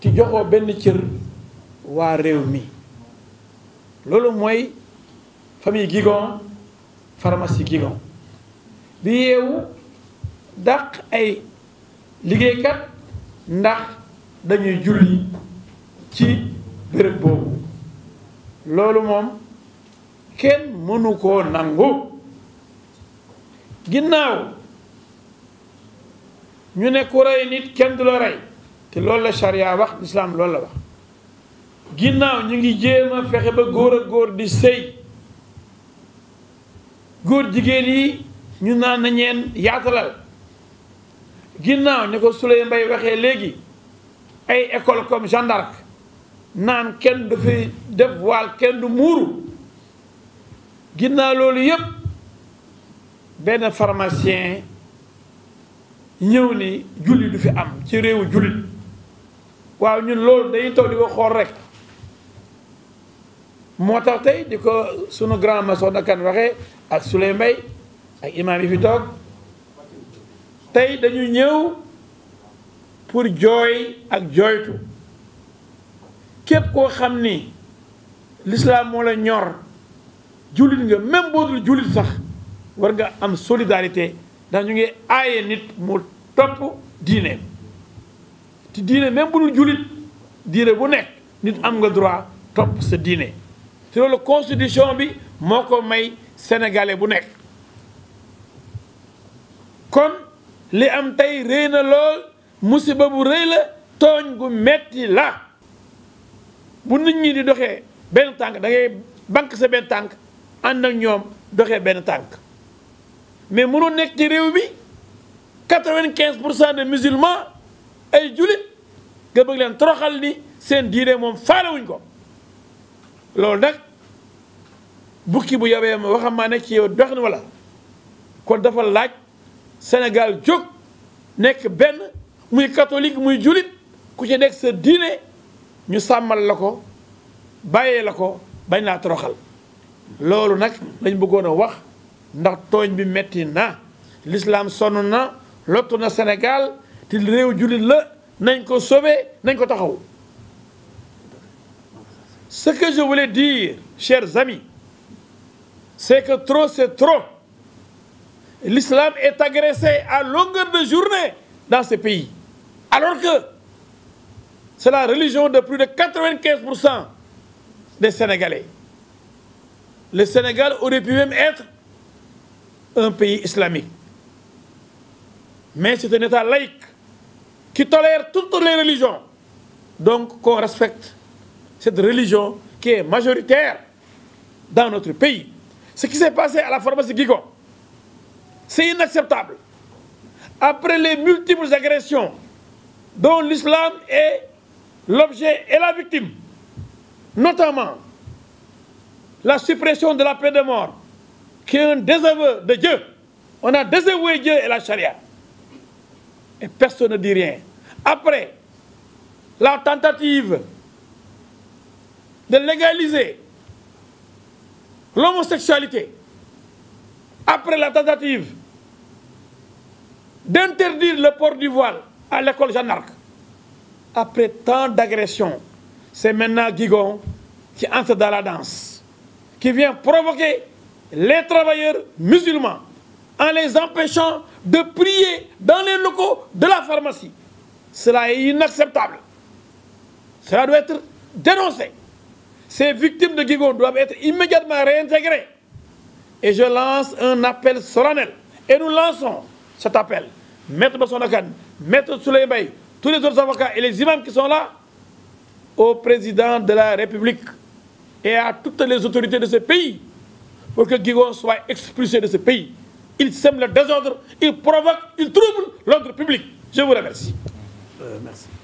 ci joxoo benn cër waa réew mi loolu mooy famille Guigon pharmacie Guigon bi yeewu dàq ay liggéeykat ndax dañuy julli ci béréb boobu loolu moom kenn mënu koo nangu ginnaaw ñu ne ku rey nit kenn du la rey te loolu la charia wax lislaam loolu la wax ginnaaw ñu ngi jéem fexe ba góor ak góor di sëy góor jigéen yi ñu naan na ñeen yaatalal ginnaaw ni ko Souley Mbaye waxee léegi ay école comme Jeanne naan kenn du fi def voile kenn du muuru ginnaaw loolu yëpp benn pharmacien ñëw ni julli du fi am ci réewu jullit waaw ñun loolu dañuy toog di ko xool rek moo tax tey di ko sunu grand maçon na kan waxee ak Souley Mbaye ak imaam yi fi toog tey dañuy ñëw pour jooy ak jooytu képp koo xam ni l'islam moo la ñor jullit nga même boo dul jullit sax war nga am solidarité ndax ñu ngi aaye nit mu topp diineem ci diine même bu dul jullit diine bu nekk nit am nga droit topp sa diine te loolu constitution bi moo ko may sénégalais bu nekk kon li am tey rëy na lool musiba bu rëy la tooñ gu metti la bu nit ñi di doxee benn tànk da ngay sa benn tànk ànd na ñoom doxee benn tànk mais mënoo nekk ci réew mi quatre-vingt-quinze pour cent de musulmans ay julit nga bëgg leen toroxal ni seen diine moom faalewuñ ko loolu nag bukki bu yawee ma waxambaane ci yow dox na wala ko dafa laaj Sénégal jóg nekk benn muy katolik muy julit ku ci nekk sa diine ñu sàmmal la ko bàyyee la ko bañ laa toroxal loolu nag lañ bëggoon a wax ndax tooñ bi metti na lislaam sonn na lottu na senegaal te réew jullit la nañ ko sauver nañ ko taxaw ce que je voulais dire chers amis c'est que trop c'est trop l'islam est agressé à longueur de journée dans ce pays alors que c'est la de plus de 95 pour cent des Sénégalais le Sénégal aurait pu même être un pays islamique mais qui tolère toutes les religions, donc qu'on respecte cette religion qui est majoritaire dans notre pays. Ce qui s'est passé à la pharmacie Gigo, c'est inacceptable. Après les multiples agressions dont l'islam est l'objet et la victime, notamment la suppression de la peine de mort, qui est de Dieu. On a désavoué Dieu et la charia. et personne ne dit rien. Après, la tentative de légaliser l'homosexualité, après la tentative d'interdire le port du voile à l'école Jeanne d'Arc, après tant d'agressions, c'est maintenant Guigon qui entre dans la danse, qui vient provoquer les travailleurs musulmans en les empêchant de prier dans les locaux de la pharmacie. Cela est inacceptable. Cela doit être dénoncé. Ces victimes de Gigon doivent être immédiatement réintégrées. Et je lance un appel solennel. Et nous lançons cet appel. Maître Bassonakan, Maître Souley tous les autres avocats et les imams qui sont là, au président de la République et à toutes les autorités de ce pays, pour que Gigon soit expulsé de ce pays. il sème le désordre, il provoque, il trouble l'ordre public. Je vous remercie. Euh, merci.